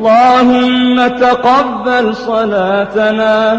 اللهم تقبل صلاتنا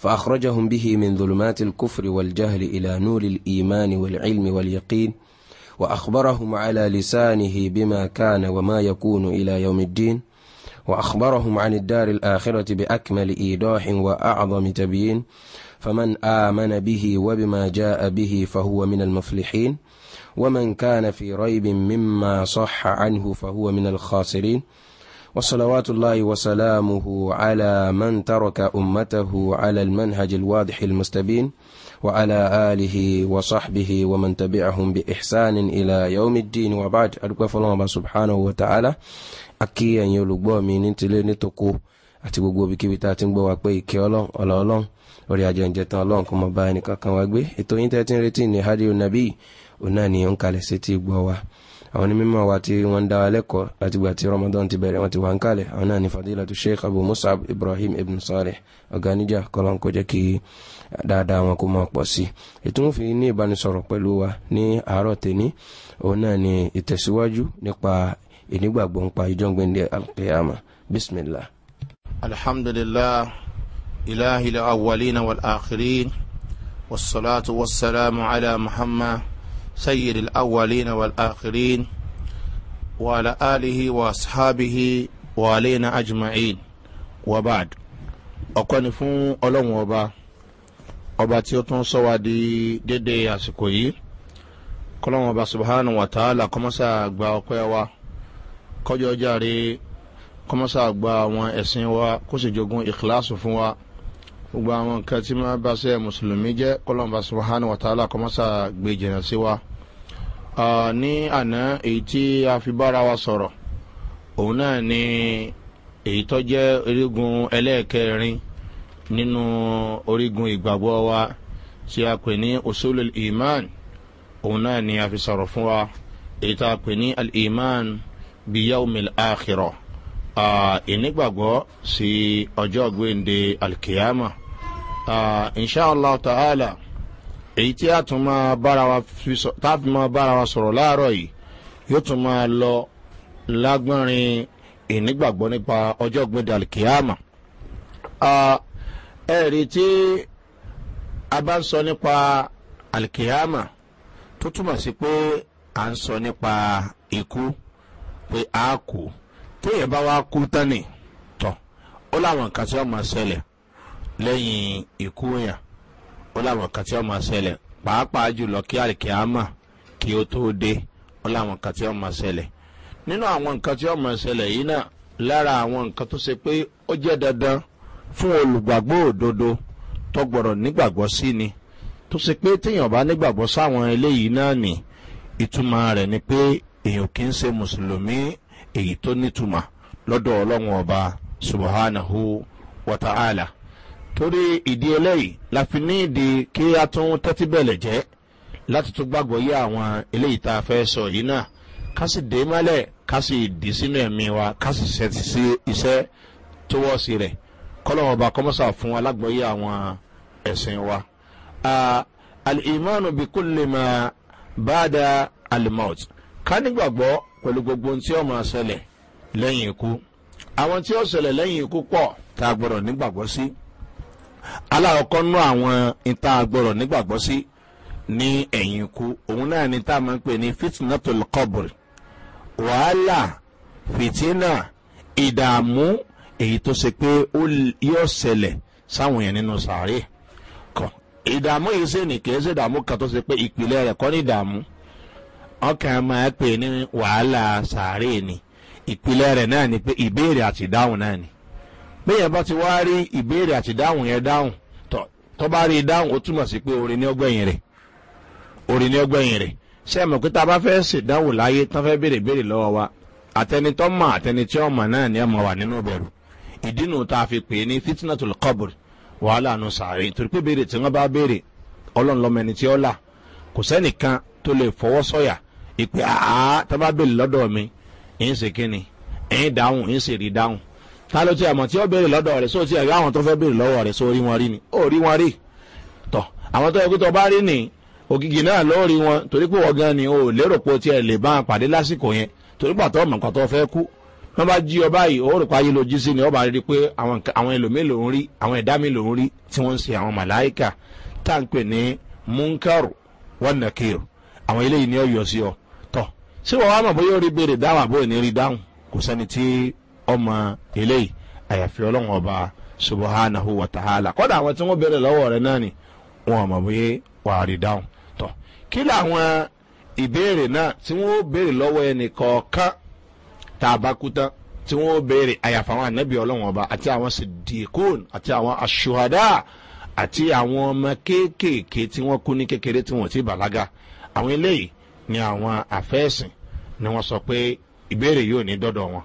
فأخرجهم به من ظلمات الكفر والجهل إلى نور الإيمان والعلم واليقين وأخبرهم على لسانه بما كان وما يكون إلى يوم الدين وأخبرهم عن الدار الآخرة بأكمل إيضاح وأعظم تبيين فمن آمن به وبما جاء به فهو من المفلحين ومن كان في ريب مما صح عنه فهو من الخاسرين وصلوات الله وسلامه على من ترك أمته على المنهج الواضح المستبين وعلى آله وصحبه ومن تبعهم بإحسان إلى يوم الدين وبعد أدوك فالله سبحانه وتعالى أكيا يلقوا من انتلين تقوه àti gbogbo ibikíbi tá a ti ń gbọ́ wa pé ìkẹ́ ọlọ́run ọ̀la ọlọ́run orí ajé ń jẹtan ọlọ́run kò mọ bá ẹnì kankan wa gbé ètò yín tẹ́ ti ń retí ní hádìí onabi òun náà ni ó ń kalẹ̀ sétí gbọ́ wa àwọn ní mímọ̀ wa tí wọ́n dá lẹ́kọ̀ọ́ láti gbà tí ramadan ti bẹ̀rẹ̀ wọ́n ti wà ń kalẹ̀ àwọn náà ní fadila tó sheikh abu musab ibrahim ibn saleh ọ̀gánijà kọ́lọ́n kó jẹ́ kí dáadáa wọn kó máa pọ̀ sí ètò ń fi ní ìbánisọ̀rọ̀ pẹ̀lú wa ní àárọ̀ tèní òun náà ní ìtẹ̀síwájú nípa ìnígbàgbọ́ nípa ìjọ́ngbẹ̀ndẹ̀ alkiyama bismillah. alhamdulillah ilahi awwalina wal akhirin wasalaatu wasalaamu ala muhammad. سيد الأولين والآخرين وعلى آله وأصحابه وعلينا أجمعين وبعد ọ̀kọ́ni fún ọlọ́run ọba ọba tí ó tún sọ́wá di dédé àsìkò yìí kọ́lọ́run ọba subhanahu wa ta'ala kọ́mọ́sà gba ọpẹ́ wa kọjọ́ járe kọ́mọ́sà gba àwọn ẹ̀sìn wa kó sì jogun ìkíláàsù fún wa. Kojo, jari, gbogbo àwọn nǹkan tí máa bá sẹ́ mùsùlùmí jẹ́ kọ́lọ́mbà subahana wa ta'ala kọ́mọ́sà gbé jìnnà sí wa. ní àná èyí tí a fi bára wa sọ̀rọ̀ òun náà ni èyí tó jẹ́ orígun ẹlẹ́ẹ̀kẹrin nínú orígun ìgbàgbọ́ wa tí a pè ní usulul iman òun náà ni a fi sọ̀rọ̀ fún wa èyí tá a pè ní al-iman biyawmil akhirah ìnígbàgbọ́ sí ọjọ́ gbéǹde alkiyama. Ah, inṣàlá ta'ala èyí tí a tún máa bára fi máa bára wa sọ̀rọ̀ láàárọ̀ yìí yóò tún lọ lágbọ́nrin ìnígbàgbọ́ nípa ọjọ́ alikiyama. Ah, ẹ̀rí tí a bá ń sọ nípa alikiyama tó túmọ̀ sí pé à ń sọ nípa ikú pé a kú téèyàn bá wá kú tán ni tọ̀ ó láwọn nǹkan tí wọ́n máa ṣẹlẹ̀ lẹ́yìn ikú yàn ó láwọn kan tí ó máa ṣẹlẹ̀ pàápàá jùlọ kí àlìkíámà kí ó tó dé ó láwọn kan tí ó máa ṣẹlẹ̀ nínú àwọn nǹkan tí máa ṣẹlẹ̀ yìí náà lára àwọn nǹkan tó ṣe pé ó jẹ́ dandan fún olùgbàgbọ́ òdodo tó gbọ́dọ̀ nígbàgbọ́ sí ni tó ṣe pé téèyàn bá nígbàgbọ́ sáwọn eléyìí náà ìtumọ̀ rẹ̀ ni pé èèyàn kì í ṣe mùsùlùmí èyí tó nítumọ̀ lọ́dọ̀ ọlọ́run ọba subahánahu wàtàhálà. torí ìdí eléyìí la fi ní ìdí kí a tún tẹ́tí bẹ̀lẹ̀ jẹ́ láti tún gbàgbọ́ yé àwọn eléyìí tá a fẹ́ sọ yìí náà ká sì dé mọ́lẹ̀ ká sì dì sínú ẹ̀mí wa ká sì ṣẹ́tì sí iṣẹ́ tó wọ́ sí rẹ̀ kọ́lọ́wọ́ bá kọ́mọ́sà fún alágbọ̀yé àwọn ẹ̀sìn wa. alìmánu bí lè máa bá a da alimọt ká nígbàgbọ́ pẹ̀lú gbogbo ohun tí ó máa ṣẹlẹ̀ lẹ́yìn ikú àwọn tí ó ṣẹlẹ̀ lẹ́yìn ikú pọ̀ tá a gbọ́dọ̀ nígbàgbọ́ sí. Si aláwọ̀kọ́ nú àwọn ìta àgbọ̀rọ̀ nígbàgbọ́ sí ní ẹ̀yìn ikú òun náà ni tá a máa ń pè ní fitna tó lọ́kọ̀bùrì wàhálà fitina ìdààmú èyí tó ṣe pé yóò ṣẹlẹ̀ sáwọn yẹn nínú sàárè kan ìdààmú yìí sì ní kì í ṣe ìdààmú kan tó ṣe pé ìpìlẹ̀ rẹ̀ kọ́ ní ìdààmú ọkàn máa pè ní wàhálà sàárè ni ìpìlẹ̀ rẹ̀ náà ni pé ìbéèrè àti ìdáhùn náà ni bẹ́yẹn bá ti wá rí ìbéèrè àti dáhùn yẹn dáhùn tó bá rí i dáhùn ó túmọ̀ sí pé orin ní ọgbẹ̀yìn rẹ̀ orin ní ọgbẹ̀yìn rẹ̀ ṣé mọ̀ pé tá a bá fẹ́ ṣèdánwò láyé tán fẹ́ béèrè béèrè lọ́wọ́ wa àtẹnitọ́ mọ̀ àtẹnitọ́ mọ̀ náà ni ẹ mọ̀ wà nínú ọbẹ̀rù ìdínú tá a fi pè é ní fitnatul kọbùrù wàhálà nù sàárè torí pé béèrè tí wọ́n bá béèrè ọlọ́run lọ́mọ a bá béèrè lọ́dọ̀ mi ẹ̀ ń ṣe kíni ẹ̀ ń ta ló ti àmọ̀ tí ó béèrè lọ́dọ̀ rẹ̀ sóò tí ẹ̀rí àwọn tó fẹ́ béèrè lọ́wọ́ rẹ̀ sóò rí wọn rí ni ó rí wọn rí tọ̀ àwọn tó yẹ kó tó bá rí ni ògìgì náà ló rí wọn torí pé wọ́n gan ni o lérò pé o tiẹ̀ lè bá wọn pàdé lásìkò yẹn torí pàtó ọmọ nǹkan tó fẹ́ kú wọ́n bá jí ọ báyìí ó rò pa ayé ló jí sí ni ó bá rí pé àwọn ẹlòmíì ló ń rí àwọn ẹ̀dá mi ló ń rí tí wọ́n ń se àwọn màláìkà tá à ń pè ní munkaru wọn àwọn eléyìí ni ó yọ sí ọ tọ ṣé wọn wá bóyá ó rí béèrè dáhùn àbóyè ní rí dáhùn kò sẹ́ni tí ọmọ eléyìí àyàfi ọlọ́run ọba subahánahu wàtàhálà kọ́dà àwọn tí wọ́n bẹ̀rẹ̀ lọ́wọ́ rẹ̀ náà ni wọn mọ̀ bóyá wàá rí dáhùn tọ̀ kí làwọn ìbéèrè náà tí wọ́n béèrè lọ́wọ́ ẹnì kọ̀ọ̀kan tá a bá kú tán tí wọ́n béèrè àyàfi àwọn ànábì ọlọ́run ọba àti àwọn sidikun àti àwọn asuhada àti àwọn ọmọ kéékèèké tí wọ́n kú ní kékeré tí wọ́n ti bàlágà àwọn eléyìí ni àwọn àfẹ́sìn ni wọ́n sọ pé ìbéèrè yóò ní dọ́dọ̀ wọn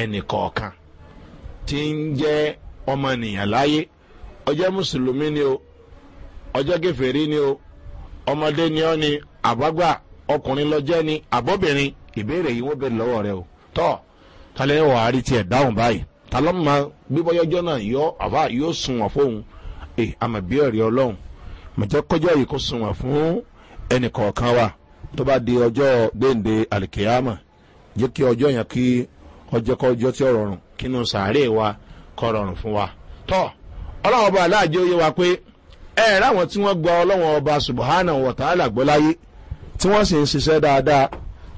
ẹnìkọ̀ọ̀kan tí ń jẹ́ ọmọnìyàn láyé ọjọ́ mùsùlùmí ni o ọjọ́ gẹ̀fẹ̀rí ni o ọmọdé ni ọ́ ni àbágbà ọkùnrin ni àbọ̀bìnrin ìbéèrè yìí wọ́n bẹ̀rẹ̀ lọ́wọ́ rẹ o tọ́ talẹ́ wà á rí tiẹ̀ dáhùn báyìí talọ́ mọ náà yọ àbá yóò sùn wọ́n fóun ẹ àmọ̀ bí ọ̀rẹ́ ọlọ́run mọ̀jẹ́ kọjọ́ yìí kò sùn wọ́n fún ẹnìkọ̀ọ̀kan wa tó bá di ọjọ́ kọ́ ọjọ́ tí ó rọrùn kínú sàárè wa kọ́ rọrùn fún wa. tọ́ ọlọ́wọ́n ọba aláàjọ yé wa pé ẹ ẹ̀ láwọn tí wọ́n gba ọlọ́wọ́n ọba subahana wọ̀tálà gbọ́láyé tí wọ́n sì ń ṣiṣẹ́ dáadáa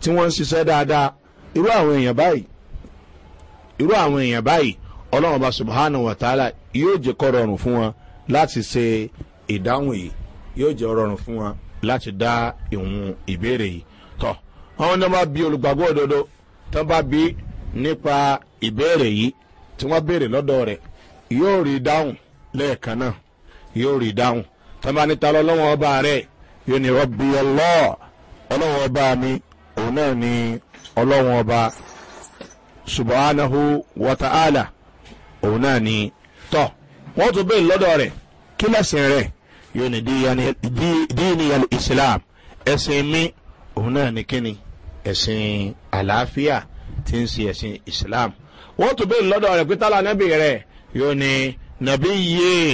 tí wọ́n ń ṣiṣẹ́ dáadáa irú àwọn èèyàn báyìí irú àwọn èèyàn báyìí ọlọ́wọ́n ọba subahana wọ̀tálà yóò jẹ́ kọ́ rọrùn fún wọn láti ṣe ìdáhùn yìí yóò jẹ́ rọrùn fún wọn láti dá ìhun ìbéèrè yìí tọ́ àwọn ọmọ bí olùgbàgbọ́ òdodo tán bá bí nípa ìbéèrè yìí tí wọ́n béèrè lọ́dọ̀ rẹ̀ yóò rí dáhùn lẹ́ẹ̀kan náà yóò rí dáhùn tọ́ba lọ́wọ́ ọba rẹ̀ yóò ní rọ́bì ọlọ́ ọba mi òun náà ni ọlọ́wọ́ ọba subahánahu wataala òun náà ni tọ́ wọ́n tún béèrè lọ́dọ̀ rẹ̀ kí rẹ̀ yóò ní díìnìyàn islam ẹ̀sìn mi òun náà ni kíni ẹ̀sìn àlàáfíà. ti ń ṣe ẹ̀sìn islam wọ́n tún bẹ́ẹ̀ lọ́dọ̀ rẹ̀ pé tálà anábì rẹ̀ yóò ní nàbí yéé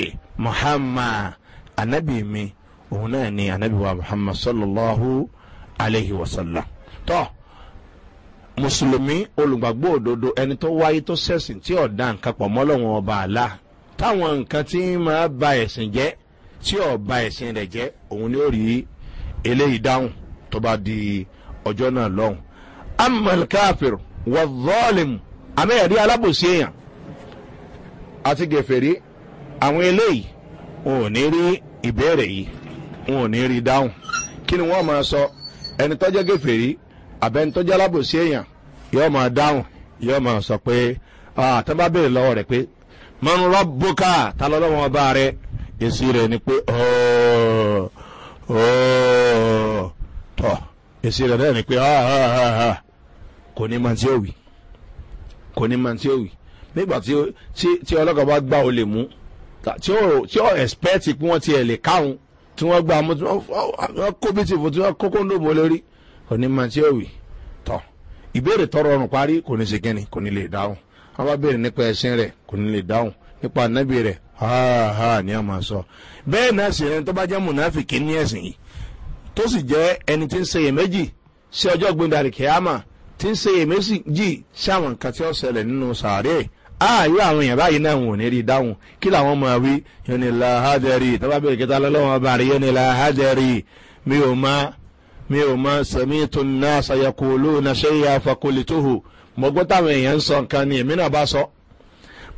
muhammad anábì mi òun náà ni anábì wa muhammad sallallahu alayhi wa sallam tọ́ mùsùlùmí olùgbàgbọ́ òdodo ẹni tó wáyé tó sẹ̀sìn tí ọ̀dà nǹkan pọ̀ mọ́lọ́wọ́n ọba àlá táwọn nǹkan tí máa ba ẹ̀sìn jẹ́ tí ọba ẹ̀sìn rẹ̀ jẹ́ òun ni ó rí eléyìí dáhùn tó bá di ọjọ́ náà lọ́hùn. amal káfíìrù wọ́ọ̀lìm amẹ́ẹ̀rí alábòsí èèyàn àti gẹ̀fẹ̀rí àwọn eléyìí wọn ò ní rí ìbéèrè yìí wọn ò ní rí dáhùn kí ni wọ́n máa sọ ẹni tọ́jọ́ gẹ̀fẹ̀rí àbẹ́ni tọ́jọ́ alábòsí èèyàn yóò máa dáhùn yóò máa sọ pé àtọ́ bá béèrè lọ́wọ́ rẹ̀ pé mọ́n rọ́bùkà ta lọ́lọ́wọ́ ọba rẹ̀ èsì rẹ̀ ni pé ọ̀ọ́ tọ̀ èsì rẹ̀ náà ni pé ọ̀ọ́ kò ní mọ tí ó wì kò ní mọ tí ó wì nígbà tí ọlọ́kọ̀ bá gbà ó lè mú tí ó ẹ̀spẹ́tì pé wọ́n ti ẹ̀ lè káwọn tí wọ́n gbà mú tí wọ́n kó bí tìfò tí wọ́n kókó lóbo lórí kò ní mọ tí ó wì tọ́ ìbéèrè tọrọ ọrùn parí kò ní ṣe kẹ́ni kò ní lè dáhùn wọ́n bá béèrè nípa ẹ̀sìn rẹ̀ kò ní lè dáhùn nípa ànábì rẹ̀ háàhá ni a máa sọ bẹ́ẹ̀ náà sì rẹ̀ tó bá jẹ́ mùnáfìkì ní ẹ̀sìn yìí tó sì jẹ́ ẹni tí ń ṣe iyèméjì sí ọjọ́ gbẹ̀ndàrí kẹ́hámà tí ń ṣe èmẹ́sì jì sí àwọn nǹkan tí ó ṣẹlẹ̀ nínú sàárẹ̀ ààyè àwọn èèyàn báyìí náà wò ní rí dáhùn kí làwọn máa wí yónìlá hajjari tọ́ba bẹ̀rẹ̀ kẹta lọ́wọ́ ọba rẹ̀ yónìlá hajjari mi ò má mi ò má sẹ̀mí tó ná sàyẹ̀kù olóòna ṣẹ́yà fakoli tóhù mọ̀gbọ́n táwọn èèyàn ń sọ nǹkan ni èmi náà bá sọ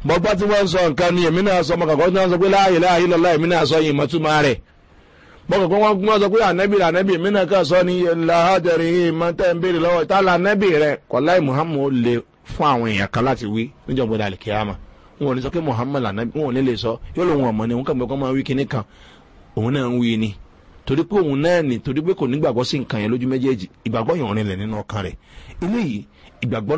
mọ̀gbọ́n tí wọ́n ń sọ nǹkan ni èmi náà sọ mọ̀kàkọ́ tí sọ pé láàyè láàyè lọ́lá èmi náà sọ yìí mọ́túmọ́ rẹ̀ bọ́kọ̀ pé wọ́n gbọ́n sọ pé ànẹ́bì ànẹ́bì mínà kan sọ ní làhájẹrì yìí máa tẹ́ ń lọwọ lọ́wọ́ tá rẹ kọ́láì muhammed le fún àwọn èèyàn kan láti wí alikirama nwọn kíámà wọn ní sọ pé muhammed lànẹ́bì wọn ní lè sọ yóò lòun ọ̀mọ́ ni wọn kàn pé máa wí kan òun náà ń wí ni torí pé òun náà ni torí pé kò nígbàgbọ́ sí nǹkan yẹn lójú méjèèjì ìgbàgbọ́ yẹn nínú ọkàn rẹ̀ eléyìí ìgbàgbọ́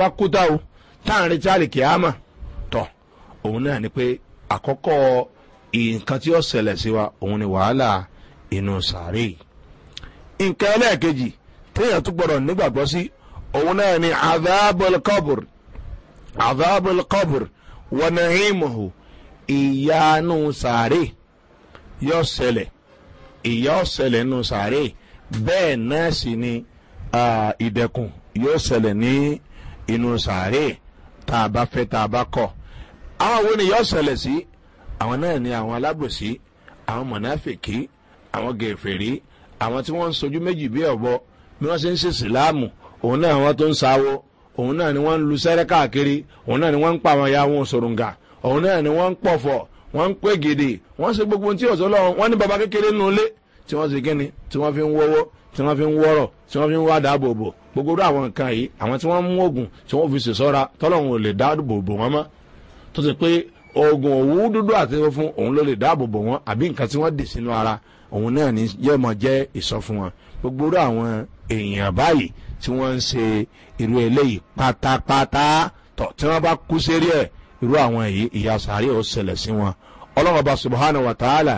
a gbọ́dọ̀ táàrin richard kìámà tọ̀ òun náà ni pé àkọ́kọ́ nǹkan tí ó ṣẹlẹ̀ sí wa òun ni wàhálà inú sàárè nǹkan ẹlẹ́ẹ̀kejì téèyàn tún gbọ́dọ̀ nígbàgbọ́ sí òun náà ni adábọ̀lkọ́bùr adábọ̀lkọ́bùr wọnà ìmọ̀hù ìyanu sàárè yóò ṣẹlẹ̀ ìyá ọ̀ṣẹlẹ̀ nù sàárè bẹ́ẹ̀ náà sì ni ìdẹ̀kùn yóò ṣẹlẹ̀ ní inú sàárè tá a bá fẹ́ tá a bá kọ̀ àwọn wo ni yọ sẹlẹ̀ sí àwọn náà ni àwọn alábòsí àwọn mọ̀náfìkì àwọn gẹ̀ẹ́fẹ̀rí àwọn tí wọ́n ń sojú méjì bí ọ̀bọ bí wọ́n ṣe ń ṣe sìláàmù òun náà wọ́n tó ń sáwó òun náà ni wọ́n ń lu sẹ́rẹ́ káàkiri òun náà ni wọ́n ń pa àwọn ya wọn sòrùngà òun náà ni wọ́n ń pọ̀fọ̀ wọ́n ń pé gèdè wọ́n ṣe gbogbo ohun tí ọ̀sọ́ lọ́wọ́ wọ́n ní baba kékeré nulẹ̀ tí wọ́n ṣe kíni tí wọ́n fi ń wọ́wọ́ tí wọ́n fi ń wọ́rọ̀ tí wọ́n fi ń wá dáàbò bò gbogbo rú àwọn nǹkan yìí àwọn tí wọ́n mú oògùn tí wọ́n fi sèṣọ́ra tọ́lọ́hún ò lè dáàbò bò wọ́n mọ́ tó ti pé oògùn òwú dúdú àti fún òun ló lè dáàbò bò wọ́n àbí nǹkan tí wọ́n dì sínú ara òun náà ní yẹ́mọ̀ jẹ́ ìsọfún wọn gbogbo àwọn èèyàn báyìí tí wọ́n ń ṣe irú eléyìí pátápátá tọ̀ tí wọ́n bá kú sérí ẹ̀ irú àwọn yìí ìyá sàárẹ̀ ò ṣẹlẹ̀ sí wọn ọlọ́run ọba subahana wa ta'ala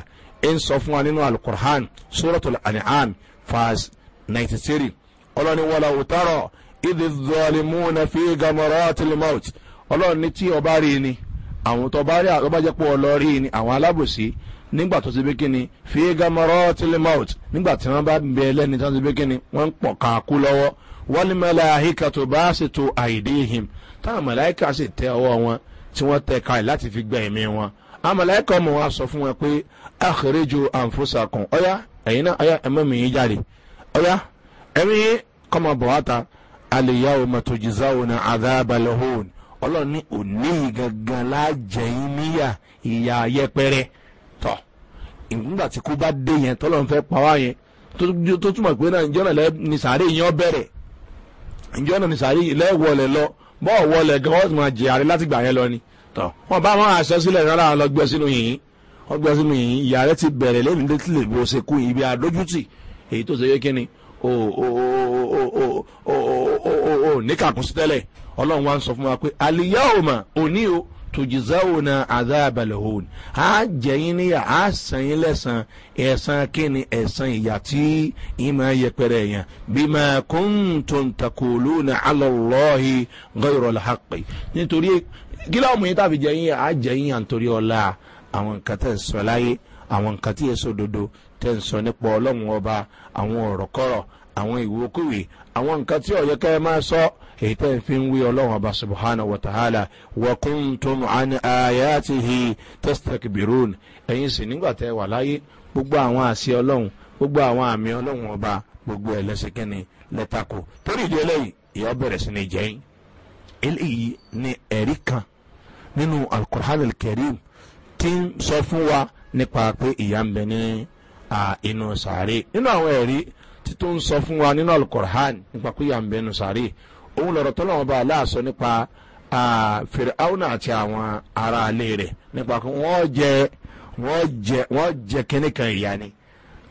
ń sọ fún wa nínú alukur'an suratul an'am verse ninety three ọlọ́ni wọlé òtárọ̀ ìdí zọlímù na fi gamọ̀rọ̀ àtìlímọ̀t ọlọ́ni tí ọba rí ni àwọn tó bá rí àtọ́bá jẹ́ pé ọlọ́ rí ni àwọn alábòsí nígbà tó ti bí kíni fi gamọ̀rọ̀ àtìlímọ̀t nígbà tí wọ́n bá bẹ lẹ́ni tó ti bí kíni wọ́n ń pọ̀ káàkú lọ́wọ́ wọ́n ní mẹ́lẹ̀ àhíkà tó bá sì to àìdí him táwọn ẹ̀yin náà ọ̀yà ẹ̀mọ́ mi ya jáde ọ̀yà ẹ̀mí yín aliyahu na adabalahun ọlọ́run ní òní gangan lájẹ̀yìn níyà ìyá yẹpẹrẹ tọ̀ bá dé yẹn tọ́lọ́run fẹ́ pa tó túmọ̀ pé ní ọ ní ni bá wọn yìnyín ọgbọ́n sínú yìí ìyá rẹ ti bẹ̀rẹ̀ lẹ́nu tó ti lè bó ṣe kú ibi àdójútì èyí tó ṣe yé kíni o o o o o o ní kàkúsí tẹ́lẹ̀ ọlọ́run wa ń sọ fún wa pé àlìyá òmà òní o tòjìzáwòna àdáàbàlẹ̀hóòn á jẹ̀yìn níyà á sàn yín lẹ́sàn ẹ̀sàn kíni ẹ̀sàn ìyà tí yín máa yẹpẹrẹ èèyàn bí máa kún tó ń takò lónà alọ́lọ́hì gọ́yọ̀rọ̀ làákì nítorí gíláàmù yín tàbí jẹ̀yìn á jẹ̀yìn à ń torí ọ̀la àwọn nǹkan tẹ̀ ń sọ láyé àwọn nǹkan tí èso dodo tẹ̀ ń sọ nípa ọlọ́run ọba àwọn ọ̀rọ̀ kọ̀rọ̀ àwọn ìwòkúwì àwọn nǹkan tí ọ̀yẹ́ kẹ́ ẹ máa sọ èyí tẹ́ ń fi ń wí ọlọ́run ọba subhanahu wa ta'ala wa kuntum an ayatihi tastakbirun ẹ̀yin sì nígbà tẹ́ wà láyé gbogbo àwọn àṣẹ ọlọ́run gbogbo àwọn àmì ọlọ́run ọba gbogbo ẹ̀ lẹ́sẹ̀ kẹ́ni lẹ́tàkù torí ìdí eléyìí ìyá bẹ̀rẹ̀ sí ni jẹ́yìn eléyìí ni ẹ̀rí kan nínú alukur'an alkarim ti ń sọ fún wa nípa pé ìyá ń bẹ ní inú sàárè nínú àwọn ẹ̀rí tí tó ń sọ fún wa nínú alukur'an nípa pé ìyá ń bẹ inú sàárè òun lọ̀rọ̀ tọ́lọ̀ wọn bá aláàsọ nípa fèrèáwùn àti àwọn ará ilé rẹ̀ nípa pé wọ́n jẹ wọ́n jẹ wọ́n jẹ kíníkan ìyá ni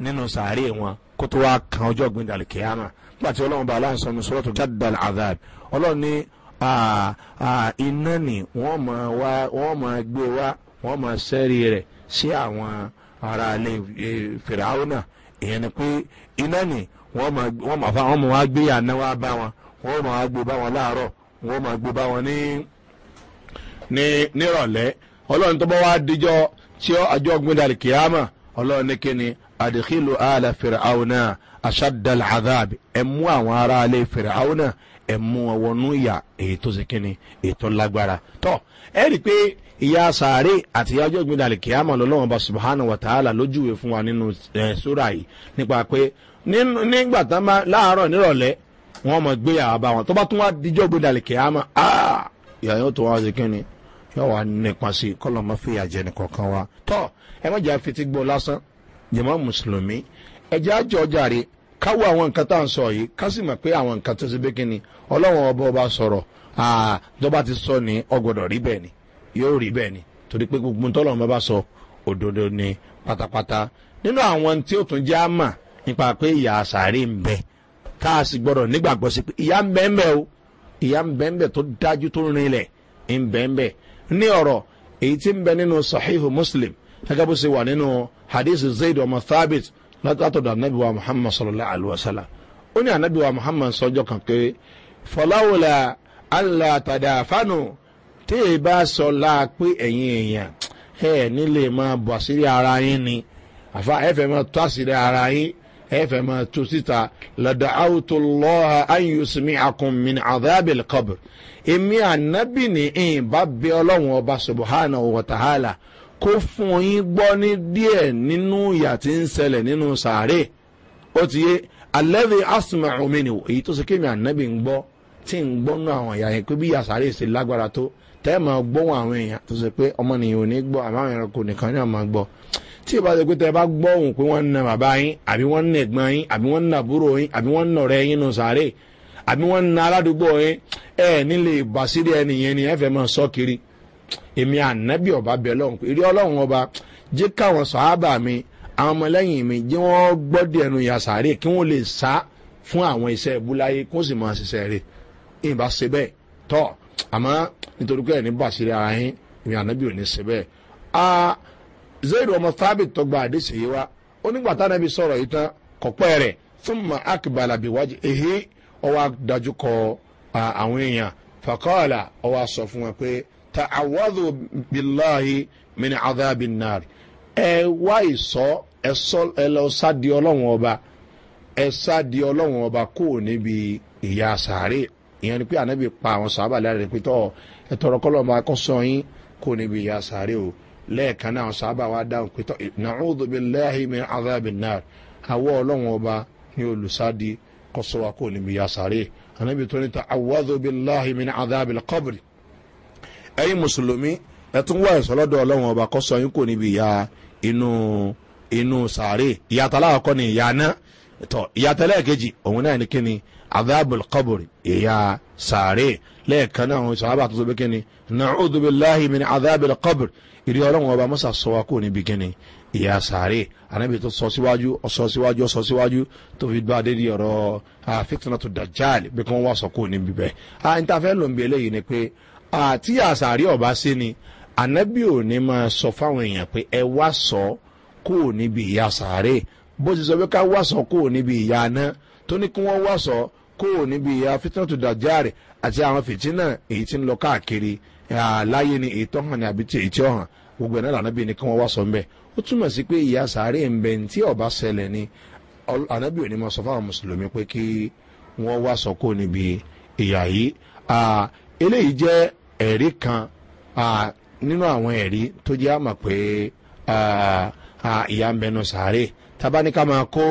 nínú sàárè wọn kó tó wá kan ọjọ́ gbẹ̀dàlù kìámà nígbà tí ọlọ́run bá aláàsọ ní sọ́rọ́tò jádàlá àdáàbì ọlọ́run ní iná ni wọ́n máa wá wọ́n máa gbé wá wọ́n máa sẹ́rí rẹ̀ sí àwọn ará ilé e, fìràwọ́nà ìyẹn ni pé iná ni wọ́n máa fa wọ́n máa wá gbé àná wá bá wọn wọ́n máa wá gbé bá wọn láàárọ̀ wọ́n máa gbé bá wọn ní ní nírọ̀lẹ́ ọlọ́run tó bá wá díjọ́ tí àjọ gbẹdàlì kìámà ọlọ́run ní kíni àdìkìlù àlà fìràwọ́nà aṣáàdàlà àdáàbì ẹ̀ mú àwọn ará ilé fìràwọ́nà ẹ mú wọn wọnú ìyà èyí tó ṣe kíni èyí tó lágbára tọ ẹ rí i pé ìyá sàárè àti ìyá ọjọ́ ìgbìndà àlèkè àmọ́ lọ́wọ́n bá subahana wa ta'ala lójúwe fún wa nínú sóra yìí nípa pé nígbà tán bá láàárọ̀ nírọ̀lẹ́ wọn mọ̀ gbé yàrá bá wọn tó bá tún wá díjọ́ ìgbìndà àlèkè ìyá yóò tó wá ṣe kíni yóò wá nípa sí kọ́lọ́ mọ́ fìyà jẹ nìkọ̀ọ̀kan wa tọ́ ẹ ká wo àwọn nǹkan nsọ à ń sọ yìí ká sì mọ̀ pé àwọn nǹkan tó ṣe ọlọ́wọ́n ọba ọba sọ̀rọ̀ ti sọ ní ọgọ́dọ̀ rí bẹ́ẹ̀ ni yóò rí bẹ́ẹ̀ ni torí pé gbogbo sọ òdodo ni pátápátá nínú àwọn tí ó tún jẹ́ àmà nípa pé ìyá àṣàrí ń bẹ tá a sì gbọ́dọ̀ nígbàgbọ́ sí o ìyá ń tó dájú tó rinlẹ̀ látọ̀dọ̀ anabi wa muhammad sallallahu alayhi wa sallam ó ní anabi wa muhammad sọjọ́ kan pé fọláwòlà allah tàdáfánù tí èyí bá sọ láàpé ẹ̀yìn èèyàn ẹ̀ nílé máa bọ̀ sírí ara yín ni àfa ẹ̀fẹ̀ máa tó àṣírí ara yín ẹ̀fẹ̀ máa tó síta lọ́dọ̀ àwùtò lọ́ha ayùsùnmí akùnmí àdábìlì kọ́bù èmi anabi ni ìyìn bá ọlọ́run ọba subuhana wọ̀tàhálà kó fún yín gbọ́ ní díẹ̀ nínú ìyà tí ń ṣẹlẹ̀ nínú sàárè ó ti yé alẹ́bí asùnmọ̀ òmìnir èyí tó ṣe kémi ànábì ń gbọ́ tí ń gbọ́ nú àwọn ìyá yẹn pé bí ìyà sàárè ṣe lágbára tó tẹ́ máa gbọ́wọ́ àwọn èèyàn tó ṣe pé ọmọnìyàn ò ní gbọ́ àmọ́ àwọn ẹranko nìkan náà máa gbọ́ tí ìbá ṣe pé tẹ́ bá gbọ́ òun pé wọ́n ń na bàbá yín àbí wọ́n ń na ẹ̀gbọ́n yín àbí wọ́n ń na àbúrò yín àbí wọ́n ń na ọ̀rẹ́ yín nù sàárè àbí wọ́n ń na aládùúgbò yín ẹ̀ nílé ìbàsírí ẹnìyẹn ni ẹ fẹ́ máa sọ kiri èmi ànábì ọba bẹ lọ́hùn pé eré ọlọ́hùn ọba jẹ́ káwọn sọ́ábà mi àwọn ọmọlẹ́yìn mi jẹ́ wọ́n gbọ́dẹ̀ ẹnu yasàárè kí wọ́n lè sá fún àwọn iṣẹ́ ìbúláyé kó sì máa ṣiṣẹ́ rẹ̀ ìbá ṣe bẹ́ẹ̀ tọ́ àmọ́ nítorí pé ẹni bàṣírí ara yín èmi ànábì ò ní ṣe bẹ́ẹ̀. zayd ọmọ tábìt tọgbà àdéṣe yìí wá ó nígbà tá nàbí sọ̀rọ̀ yìí tán kọ̀pẹ́ rẹ̀ fún ma akibala bí wájú èhé ọwọ́ adájú kọ àwọn èèyàn fàkọ́ọ̀là ọwọ́ sọ fún wọn pé tàwádò bíláhi mìíní àdábì náà ẹ wá ìsọ ẹ lọ sádi ọlọ́wọ́n ọba ẹ sádi ọlọ́wọ́n ọba kó o níbi ìyá sàárè ìyẹn ni pé ànábì pa àwọn sàábà lára rẹ̀ pé tọ́ ẹ tọrọ kọ́lọ́ ọba kọ́ sọ yín kó o níbi ìyá sàárè o lẹ́ẹ̀kan náà àwọn sàábà wa dáhùn pé tọ́ nàcúdò bíláhi mìíní àdábì náà àwọ̀ ọlọ́wọ́n ọba ni olùsádi kọ́ wa kó níbi ìyá sàárè ànábì tó ní ta àwádò bíláhi mìíní àdábì kọ́bìrì ẹ̀yin mùsùlùmí ẹ tún wá ẹ̀sọ́ lọ́dọ̀ ọlọ́run ọba kọ́ sọ yín kò níbi ìyá inú inú sàárè ìyàtọ̀ aláwọ̀kọ́ ni ìyá náà tọ ìyàtọ̀ lẹ́ẹ̀kejì òun náà ní kíni adhabul qabri ìyá sàárè lẹ́ẹ̀kan náà àwọn ìsọ̀rọ̀ àbàtúntò bí kíni nàcúdùbíláhi mi ní adhabul qabri ìrí ọlọ́run ọba mọ́sà sọ wa kò níbi kíni ìyá sàárè anábì tó sọ síwájú ọsọ síwájú ọsọ síwájú tó fi bá dé di ọ̀rọ̀ fitinatu dajjal bí kí wọ́n wá sọ kò níbi bẹ́ẹ̀ àti àṣàrí ọba sí ni ànábì ò ní máa sọ fáwọn èèyàn pé ẹ wá sọ kó o níbi ìyá sàárè bó ti sọ pé ká wá sọ kó o níbi ìyá aná tó ní kí wọ́n wá sọ kó o níbi ìyá fitinatu àti àwọn fìtínà èyí tí ń lọ káàkiri láyé ni èyí tó hàn ní àbí èyí tí ó hàn gbogbo ẹ̀ náà lànàbì ni kí wọ́n wá sọ ń ó túmọ̀ sí pé ìyá sàárè ń tí ọba ṣẹlẹ̀ ni ànábì ò ní máa sọ fáwọn mùsùlùmí pé kí wọ́n wá sọ kó o níbi ìyá yìí eléyìí jẹ́ ẹ̀rí kan nínú àwọn ẹ̀rí tó jẹ́ àmọ̀ pé ìyá ń bẹnu sàárè tabaníkà máa kó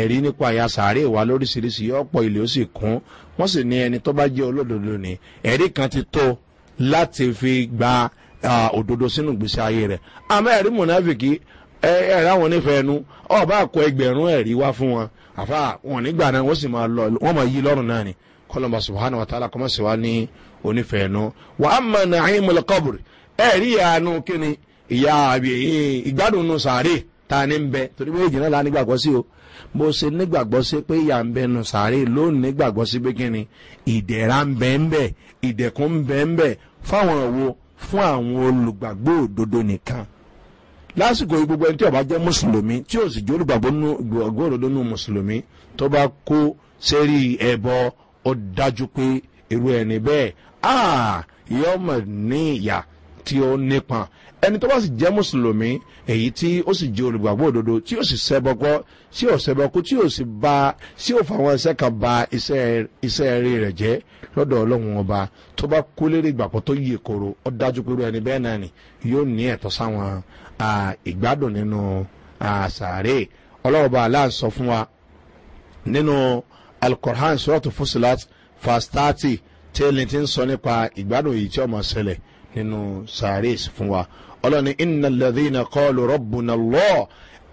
ẹ̀rí nípa ìyá sàárè wa lóríṣiríṣi ọ̀pọ̀ ilé ó sì kún wọ́n sì ní ẹni tó bá jẹ́ olódodo ni ẹ̀rí kan ti tó láti fi gba òdodo sínú ìgbésí ayé rẹ̀ àmọ́ ẹ̀rí mọ̀nàfìkì ẹ̀rí àwọn onífẹ̀ẹ́ nu ọba àkọ ẹgbẹ̀rún ẹ̀rí wá fún wọn àfa wọn nígbà náà wọ́n sì máa lọ wọ́n máa yí lọ́rùn náà ni kọlọmọ subahana wa taala kọmọ sèwá ní onífẹ̀ẹ́ nu wà á mọ nàáyìn mọlẹkọbùrù ẹ rí ìyanu kíni ìyá àbí ìgbádùn nu sàárè ta ni ń bẹ torí bó jìnnà láà nígbàgbọ́ sí o bó ṣe nígbàgbọ́ sí pé ìyá ń bẹ nu sàárè lónìí nígbàgbọ́ sí pé kíni ìdẹ̀ra ń bẹ ń bẹ ìdẹ̀kùn ń bẹ ń bẹ fáwọn òwò fún àwọn olùgbàgbọ́ òdodo nìkan lásìkò gbogbo ẹni tí ọba jẹ mùsùlùmí tí ò sì jólùgbàgbọ́ òdodo nu mùsùlùmí tó bá kó sẹ́rí ẹ̀bọ ó dájú pé irú ẹni bẹ́ẹ̀ ah yóò mọ̀ ní ìyá tí ó nípọn ẹni tó bá sì jẹ́ mùsùlùmí èyí tí ó sì jẹ́ olùgbàgbọ́ òdodo tí ó sì sẹ́bọ̀kọ́ tí ó sẹ́bọ̀kú tí ó sì ba tí ó fàwọn ẹsẹ̀ kan ba iṣẹ́ rí rẹ̀ jẹ́ lọ́dọ̀ ọlọ́run ọba tó bá kú lérí ìgbàpọ̀ tó yè koro ó dájú pé irú ẹni bẹ́ẹ̀ náà ni yóò ní ẹ̀tọ́ sáwọn ìgbádùn nínú sàárè ọlọ́run ọba aláǹsọ fún wa nínú alukoran sọ́ọ̀tù fusilat fastati tẹ́lẹ̀ ti ń sọ nípa ìgbádùn èyí tí ọmọ ṣẹlẹ̀ nínú sàárèsì fún wa ọlọ́ni iná lẹ́dínà kọ́ọ̀lù rọ́bùnà lọ́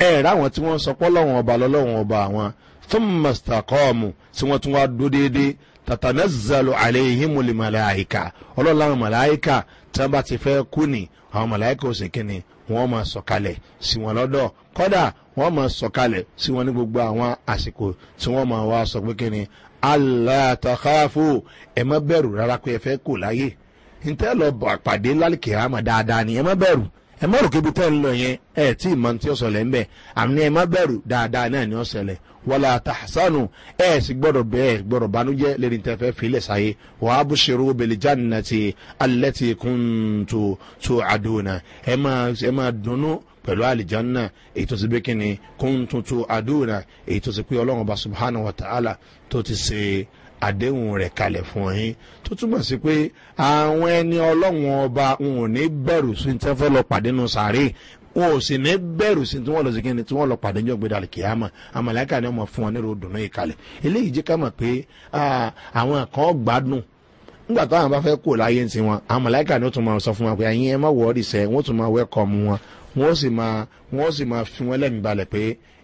ẹ̀ ráwọn tí wọ́n sọ pọ́ lọ́wọ́n ọba lọ́wọ́n ọba àwọn fún mọ̀sítàkọ́ọ̀mù tí wọ́n tún wá dúdéédé tàtànẹ́zàlù àlẹ́ ìhìmùlì màláìka ọlọ́lá màláìka tí wọ́n bá ti fẹ́ kú ni àwọn mọ̀láìkà òsè kínni wọ́n máa sọ̀kalẹ̀ sí wọn lọ́dọ̀ kọ́dà wọ́n máa sọ̀kalẹ̀ sí wọn ní gbogbo àwọn àsìkò tí wọ́n máa wá sọ pé kínni aláàtàkáfò ẹ má bẹ̀rù rárá pé ẹ fẹ́ kù láyé ntẹ́ lọ pàdé lálùkè àmọ̀ dáadáa ni ẹ má bẹ̀rù ẹ má rò kébi tẹ́ ń lọ yẹn ẹ tí ìmọ̀ tí ó sọlẹ̀ ń bẹ̀ àmì ẹ má bẹ̀rù dáadáa náà ni ó sẹlẹ̀ wọlé àtàsánù ẹ sì gbọdọ̀ bẹ́ẹ̀ gbọdọ̀ banújẹ́ lẹ́ni tẹ́ fẹ́ filẹ̀ sáyé wà á bú ṣerú bẹ̀lẹ̀já nínà ti alẹ́ ti kún tó tó àdúnà ẹ máa ẹ máa dunnú pẹ̀lú àlìjánná èyí tó ti bí kíni kún tó tó àdúnà èyí tó ti pé ọlọ́run ọba subhanahu wa ta'ala tó ti ṣe àdéhùn rẹ̀ kalẹ̀ fún yín tó túmọ̀ sí pé àwọn ẹni ọlọ́run ọba wọn ò ní bẹ̀rù sí tí wọ́n fẹ́ lọ pàdé nù sàárè wọn ò sì ní bẹ̀rù sí tí wọ́n lọ sí kíni tí wọ́n lọ pàdé ní ọgbẹ́dà kìámà àmàlẹ́kà ni wọ́n fún wọn ní ròdùnú ìkalẹ̀ eléyìí jẹ́ ká mọ̀ pé àwọn kan gbádùn nígbà táwọn bá fẹ́ kó láyé ti wọn àmàlẹ́kà ni ó tún máa sọ fún wọn pé ẹ̀yin ẹ má wọ́ọ́rì sẹ́ wọ́n tún máa wẹ́kọ̀ọ́mù wọn wọ́n sì máa wọ́n sì máa fi wọn lẹ́mìí balẹ̀ pé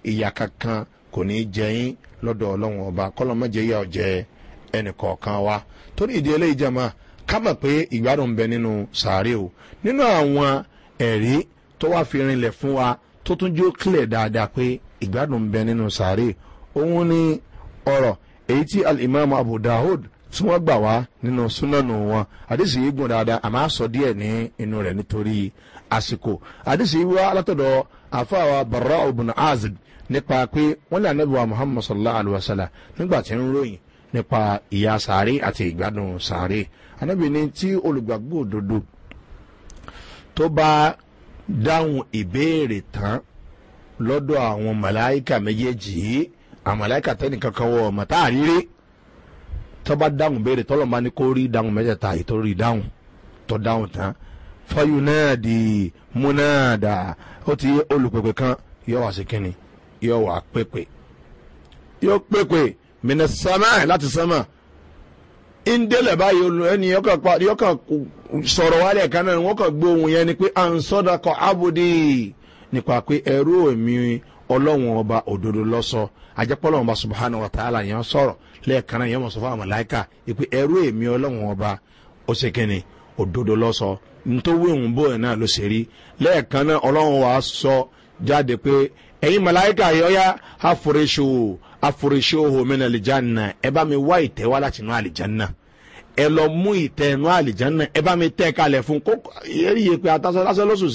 ìyà kankan kò ní jẹ́yìn lọ́dọ̀ ọlọ́run ọba kọ́lọ́mọ́jẹ́ yà ọ̀jẹ́ ẹnì kọ̀ọ̀kan wa torí ìdí eléyìí jẹ́mọ́ ká mọ̀ pé ìgbádùn ń bẹ nínú sàárè o nínú àwọn ẹ̀rí tó wá fi rinlẹ̀ fún wa tó tún jó kílẹ̀ dáadáa pé ìgbádùn bẹ nínú sàárè òun ni ọ̀rọ̀ èyí tí alimami abu dahud tí wọ́n gbà wá nínú súnánù wọn àdìsí yìí gùn dáadáa àmọ́ a sọ díẹ̀ ní inú rẹ̀ nítorí àsìkò àdìsí yìí wá látọ̀dọ̀ àfàwà barra obìnrin azib nípa pé wọ́n lé anabi muhammad sallallahu alayhi wa sallam nígbà tí ń ròyìn nípa ìyá sàárè àti ìgbádùn sàárè anábì ní tí olùgbàgbọ́ òdodo tó bá dáhùn ìbéèrè tán lọ́dọ̀ àwọn màláìka méjèèjì yìí àwọn màláìka tẹ́nì kankan wọ ọmọ tá a rírí tó bá dáhùn béèrè tọ́lọ̀ máa ní kó rí dáhùn mẹ́tẹ̀ẹ̀ta ìtòrí dáhùn tó dáhùn tán fọyín náà di múnáàdà ó ti olùpèpè kan yóò wá sí kínni yóò wá pèpè yóò pèpè. mìnà sámà láti sámà ń délẹ̀ báyìí ẹni yọkàn sọ̀rọ̀ wálẹ̀ kan náà wọ́n kàn gbé ohun yẹn ni pé à ń sọ́dà kọ abudi ẹrú èmi ọlọ́wọ̀n ọba òdodo lọ́sọ ajẹ́pọ̀lọ́wọ̀n ọba subahana wa ta'ala yẹn sọ̀rọ̀ lẹ́ẹ̀kan náà yẹn mọ̀ sọ fún àmàláìka ìpè ẹrú èmi ọlọ́wọ̀n ọba òsèkìnì òdodo lọ́sọ ntòwé òun bó ẹ̀ náà ló ṣe rí lẹ́ẹ̀kan náà wa sọ jáde pé ẹ̀yin afurishoho min alijanna ẹ bá mi wá ìtẹ́wá láti inú alijanna ẹ lọ mú ìtẹnu àlìjánná ẹ bá mi tẹ kalẹ̀ fún kó eríye pé atasọ lásán lọ́sùn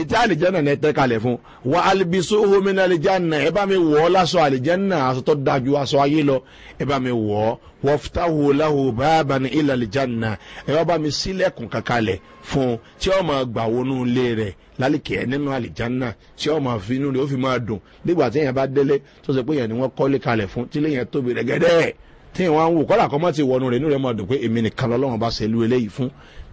ìtẹ àlìjánná ni ẹ tẹ kalẹ̀ fún wa alibisu homina àlìjánná ẹ bá mi wọ̀ ọ́ lásọ àlìjánná aṣọ tó dájú aṣọ ayé lọ ẹ bá mi wọ̀ ọ́ wọ́fútáwò láwò báàbà ni ilẹ̀ àlìjánná ẹ bá mi sílẹ̀kùn kakalẹ̀ fún tí ó máa gbà wọnú ilé rẹ̀ lálìkẹ́ nínú àlìjánná tí ó máa fi inú rẹ̀ ó fi máa dùn nígbà tí èèyàn bá délé tó sọ pé èèyàn ni wọ́n kọ́lé tí wọn ń wò kọ́lá kọ́ mọ́ ti wọnú rẹ̀ inú rẹ̀ máa dùn pé èmi nìkan lọ́lọ́run bá ṣe lu eléyìí fún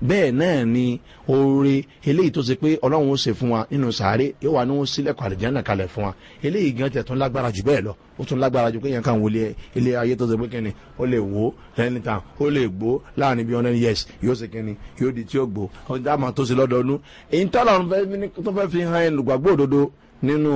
bẹ́ẹ̀ náà ni oore eléyìí tó ṣe pé ọlọ́run ó ṣe fún wa nínú sàárè yóò wà ní ó sílẹ̀kọ̀ àlìjáná kalẹ̀ fún wa eléyìí gan tẹ̀ tún lágbára jù bẹ́ẹ̀ lọ ó tún lágbára jù kéèyàn kan wọlé ilé ayé tó ṣe pé kíni ó lè wò ó lẹ́ni tàn ó lè gbó láàrin bí hundred years yóò ṣe kíni yóò di tí ó gbó ọjà máa tó ṣe lọ́dọọdún èyí tọ́lọ́run tó fẹ́ fi hàn ẹnùgbàgbọ́ òdodo nínú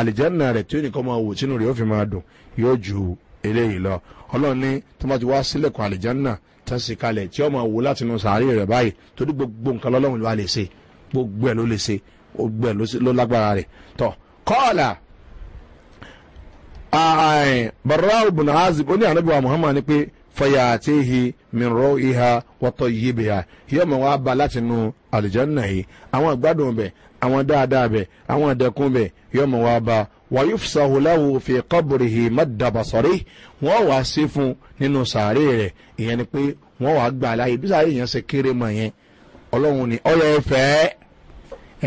àlìjáná rẹ̀ tí ó eléyìí lọ ọlọ́run ní tó bá ti wá sílẹ̀kùn àlìjánná tán sì kalẹ̀ tí ọmọ wò láti nu sàárè rẹ̀ báyìí torí gbogbo nǹkan lọ́lọ́run ló wà lè ṣe gbogbo ẹ̀ ló lè ṣe gbogbo ẹ̀ ló lágbára rẹ̀ tọ́ kọ́ọ̀là bàrà òbùnà azib ó ní ànábìwá muhammad ni pé fọyà àtẹ́hì mìíràn ìhà wọ́tọ̀ yóò mọ̀ wá ba láti nu yìí àwọn àwọn dáadáa àwọn wàyúfisàwò láwo fi kọ́bùrì hì mọ́dàbàsọ̀rí wọ́n wàá sí fún nínú sàárè rẹ̀ ìyẹn ni pé wọ́n wàá gbà láàyè bí sàárè yẹn ṣe kéré mọ̀ yẹn ọlọ́run ni ọyọ ẹ̀fẹ́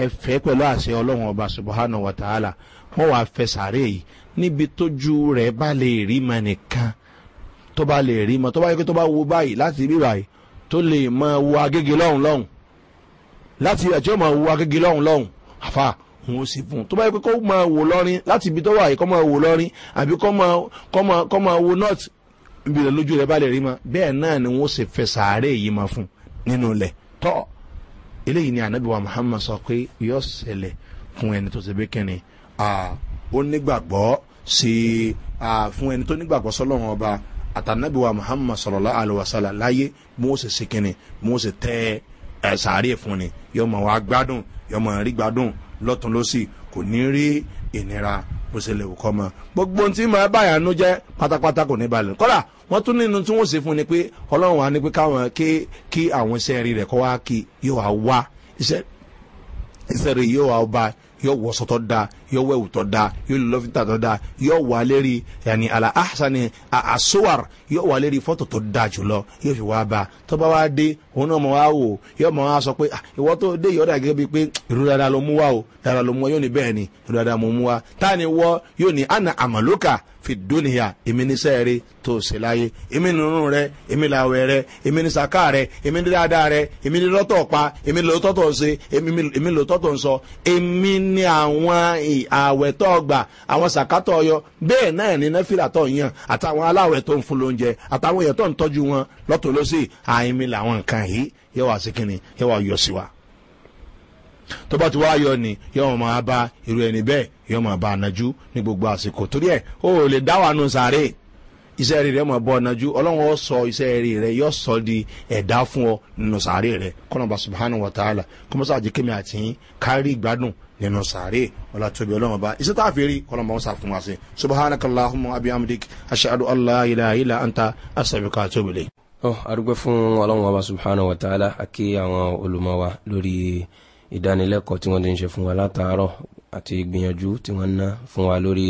ẹ̀fẹ́ pẹ̀lú àṣẹ ọlọ́run ọba subahana wa ta'ala wọ́n wàá fẹ́ sàárè yìí níbi tójú rẹ̀ bá lè rí mọ nìkan tó bá lè rí mọ tó bá yẹ kó tó bá wo báyìí láti rí báyìí tó lè mọ wo agége lọ́hùn lọ́hùn láti ẹ̀ tí ó mọ wo agége lọ́hùn lọ́hùn àfáà wọn ó sì fún un tó bá yẹ pé kó máa wò lọ́rin láti ibi tó wà yìí kó máa wò lọ́rin àbí kó máa kó máa kó wo north ibi rẹ̀ lójú rẹ̀ bá lè rí ma bẹ́ẹ̀ náà ni wọn ó sì fẹ́ sàárè yìí ma fún nínú ilẹ̀ tọ́ eléyìí ni anabi wa muhammad sọ pé yóò ṣẹlẹ̀ fún ẹni tó ṣe bí kẹ́ni ó nígbàgbọ́ sí fún ẹni tó nígbàgbọ́ sọlọ́run ọba àtànàbí wa muhammad sọlọ́lá alùwàsálà láyé mo ṣe ṣe kẹ́ni mo ṣe tẹ́ ẹ̀ sàárè fún ni yóò máa wá gbádùn yóò máa rí gbádùn lọ́tún lọ́sì kò ní rí ìnira bó ṣe lè wù kọ́ mọ́ gbogbo ohun tí màá báyà nú jẹ́ pátápátá kò ní balẹ̀ kọ́dà wọ́n tún nínú tí wọ́n ṣe fún ni pé ọlọ́run wa ni pé káwọn kí àwọn iṣẹ́ rí rẹ̀ kọ́ wá kí yóò wá iṣẹ́ rí yóò wá bá yóò wọ̀ sọ́tọ́ da yóò wẹ̀ wùtọ́ da yóò lọ fi tàtọ́ da yóò wà lérí yanni ala ahsani asowar yóò wà lérí fọ́tò tó da jùlọ yóò fi wá ba tó bá wá dé òun náà mọ̀ wá wò yóò mọ̀ wá sọ pé ah, ìwọ́ tó dé yọ̀ọ́dà gẹ́gẹ́ bíi pé ìlú dáadáa ló mú wá o dáadáa ló mú wá yóò ní bẹ́ẹ̀ ni ìlú dáadáa mú wá táà ni wọ́ yóò ní ana àmàlókà fi dúnìyà èmi ní sẹ́ẹ̀rì tó o ṣe láyé èmi nínú rẹ èmi làwẹ̀ rẹ èmi ní sàká rẹ èmi ní dáadáa rẹ èmi ní lọ́tọ̀ pa èmi lọ́tọ̀ tó ṣe èmi lọ́tọ̀ tó ń sọ èmi ní àwọn ààwẹ̀ tó gbà àwọn sàkátọ̀ ọyọ bẹ́ẹ̀ náà ní nẹ́fìlà tó yàn àtàwọn aláwẹ̀ tó ń fún lóúnjẹ àtàwọn èèyàn tó ń tọ́jú wọn lọ́tọ̀lọ́sì àìmí làwọn nǹkan yìí yẹ́wà síkìnnì yẹ́wà yọ sí wa tó bá ti wá yọ ni yọmọ máa bá irú ẹni bẹ́ẹ̀ yọmọ máa bá anájú ní gbogbo àsìkò torí ẹ̀ ó lè dá wà nù sáré iṣẹ́ rere mọ̀ bọ́ ọ̀nàjú ọlọ́run ó sọ iṣẹ́ rere yóò sọ di ẹ̀dá fún ọ nínú sàárè rẹ kọ́nàbà subhanahu wa ta'ala kọ́mọ́sá àjẹkẹ́mi àti kárí ìgbádùn nínú sàárè ọlá tóbi ọlọ́run bá iṣẹ́ tá a fi rí kọ́nàbà wọn sàfún wa sí subhanakallahumma abiyamdik aṣáájú allah ilaha illa anta asabika tóbile. ọ arúgbó fún ọlọ́run wa subhanahu wa ta'ala àkí àwọn olùmọ̀ wa lórí ìdánilẹ́kọ̀ọ́ tí wọ́n ti ń ṣe fún wa látàárọ̀ àti ìgbìyànjú tí wọ́n ná fún wa lórí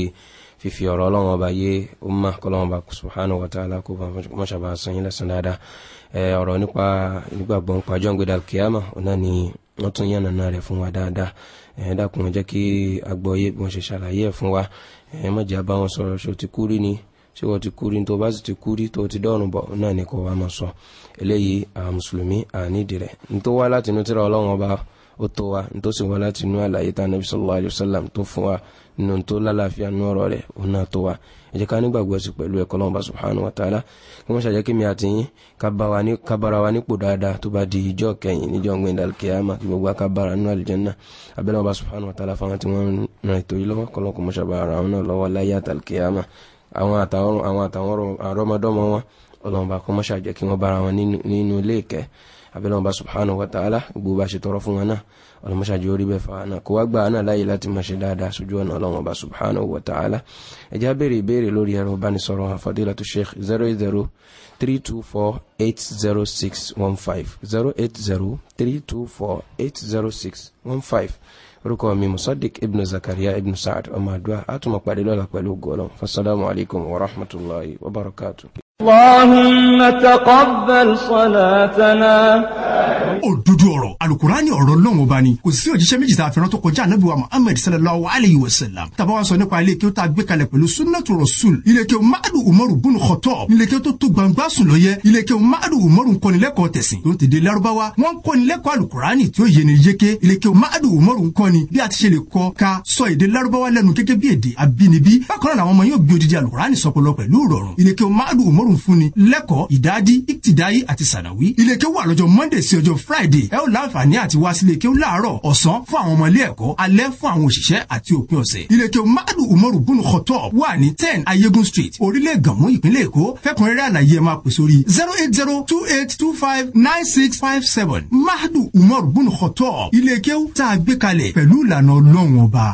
fifi ọ̀rọ̀ ọlọ́run ọba yé ó má ọba subhanahu wa ta'ala kó mọ́ṣàbà san yín lẹ́sàn dáadáa ọ̀rọ̀ nípa nígbàgbọ́ nípa john gbéra kíámà ọ̀nà ni wọ́n tún yànnà náà rẹ̀ fún wa dáadáa dákun jẹ́ kí agbọ́yé bí wọ́n ṣe ṣàlàyé ẹ̀ fún wa mọ̀jà bá wọn sọ̀rọ̀ ti kú rí ni ṣé wọ́n ti kú rí tó bá sì ti kú rí tó ti dọ́rùn bọ̀ náà ni kò wá mọ̀ sọ eléyìí ó tó wa n tó sì wá láti inú àlàyé tá anabi sallallahu alayhi wa sallam tó fún wa nínú tó lálàáfíà nínú ọ̀rọ̀ rẹ̀ òun náà tó wa ẹ jẹ́ ká nígbàgbọ́ sí pẹ̀lú ẹ̀kọ́ lọ́wọ́ bá subhanahu wa ta'ala kí wọ́n ṣàjẹ́ kí mi àti yín ká bára wa nípò dáadáa tó bá di ìjọ kẹyìn níjọ ń gbẹ̀ndà kíámà kí gbogbo aká bára nínú àlùjánnà abẹ́lẹ́ wọn bá subhanahu wa ta'ala fáwọn tí wọ́n ran ètò yìí lọ́wọ́ kọ́lọ́kọ́ mọ́ṣábà ara àwọn náà lọ́wọ́ láyé àtàlùkíámà àwọn àtàwọn àrọ́mọdọ́mọ wọn ọlọ́run bá kọ́ mọ́ṣáà jẹ́ kí wọ́n bára wọn nínú abẹ́lẹ́ ọba subhanahu wa ta'ala gbogbo àṣẹ tọrọ fún wa náà ọlọ́mọṣájú orí bẹ́ẹ̀ fàánà kó wá gbà náà láyé láti máa ṣe dáadáa sójú ọ̀nà ọlọ́run ọba subhanahu wa ta'ala ẹjá béèrè ìbéèrè lórí ẹ̀rọ ìbánisọ̀rọ̀ àfọ̀délà tó sheikh zero eight zero three two four eight zero six one five zero eight zero three two four eight zero six one five orúkọ mi musadik ibn zakaria ibn saad ọmọ àdúrà àtúmọ̀ pàdé lọ́la pẹ̀lú gọ́ọ̀lọ́ fasalaamu alaykum wa rahmatulahi wa barakatu. اللهم تقبل صلاتنا òdodo ọ̀rọ̀ alukurani ọ̀rọ̀ lọ́wọ́ bá ni kò sí òjíṣẹ́ méjì tá a fẹ́ràn tó kọjá anabi wa muhammed sallallahu alayhi wa sallam tàbá wa sọ nípa ilé kí ó tá a gbé kalẹ̀ pẹ̀lú sunnatu rasul ilé kí ó madu umaru bunu kọtọ ilé kí ó tó tó gbangba sùn lọ ilé kí madu umaru nkọ́nilẹ́kọ̀ọ́ tẹ̀sìn tó ń tẹ̀dé larubawa wọn kọ́nilẹ́kọ̀ọ́ alukurani tí ó yẹni yeke ilé kí madu umaru nkọ́ni bí a ti ṣe lè kọ́ ka sọ èdè larubawa lẹ́nu gẹ́gẹ́ bí èdè abinibi bákan náà àwọn ọmọ yóò gbé odidi alukurani sọpọlọ pẹ̀lú rọrùn ilé kí ó madu umaru fúnni lẹ́kọ̀ọ́ ìdádi ìtìdáyé àti sànàwí ilé kí ó wà lọ́jọ́ monday sí ọjọ́ friday ẹ ó láǹfààní àti wá sílé kí ó láàárọ̀ ọ̀sán fún àwọn ọmọ ilé ẹ̀kọ́ alẹ́ fún àwọn òṣìṣẹ́ àti òpin ọ̀sẹ̀ ìlẹ̀kẹ̀ madu umaru bunu kọtọ wà ní ten ayégun street orílẹ̀ gànmú ìpínlẹ̀ èkó fẹ́kùnrẹ́rẹ́ àlàyé ẹ máa pè sórí zero eight zero two eight two five nine six five seven madu umaru bunu kọtọ ìlẹ̀kẹ̀ tá a gbé kalẹ̀ pẹ̀lú ìlànà ọlọ́run ọba.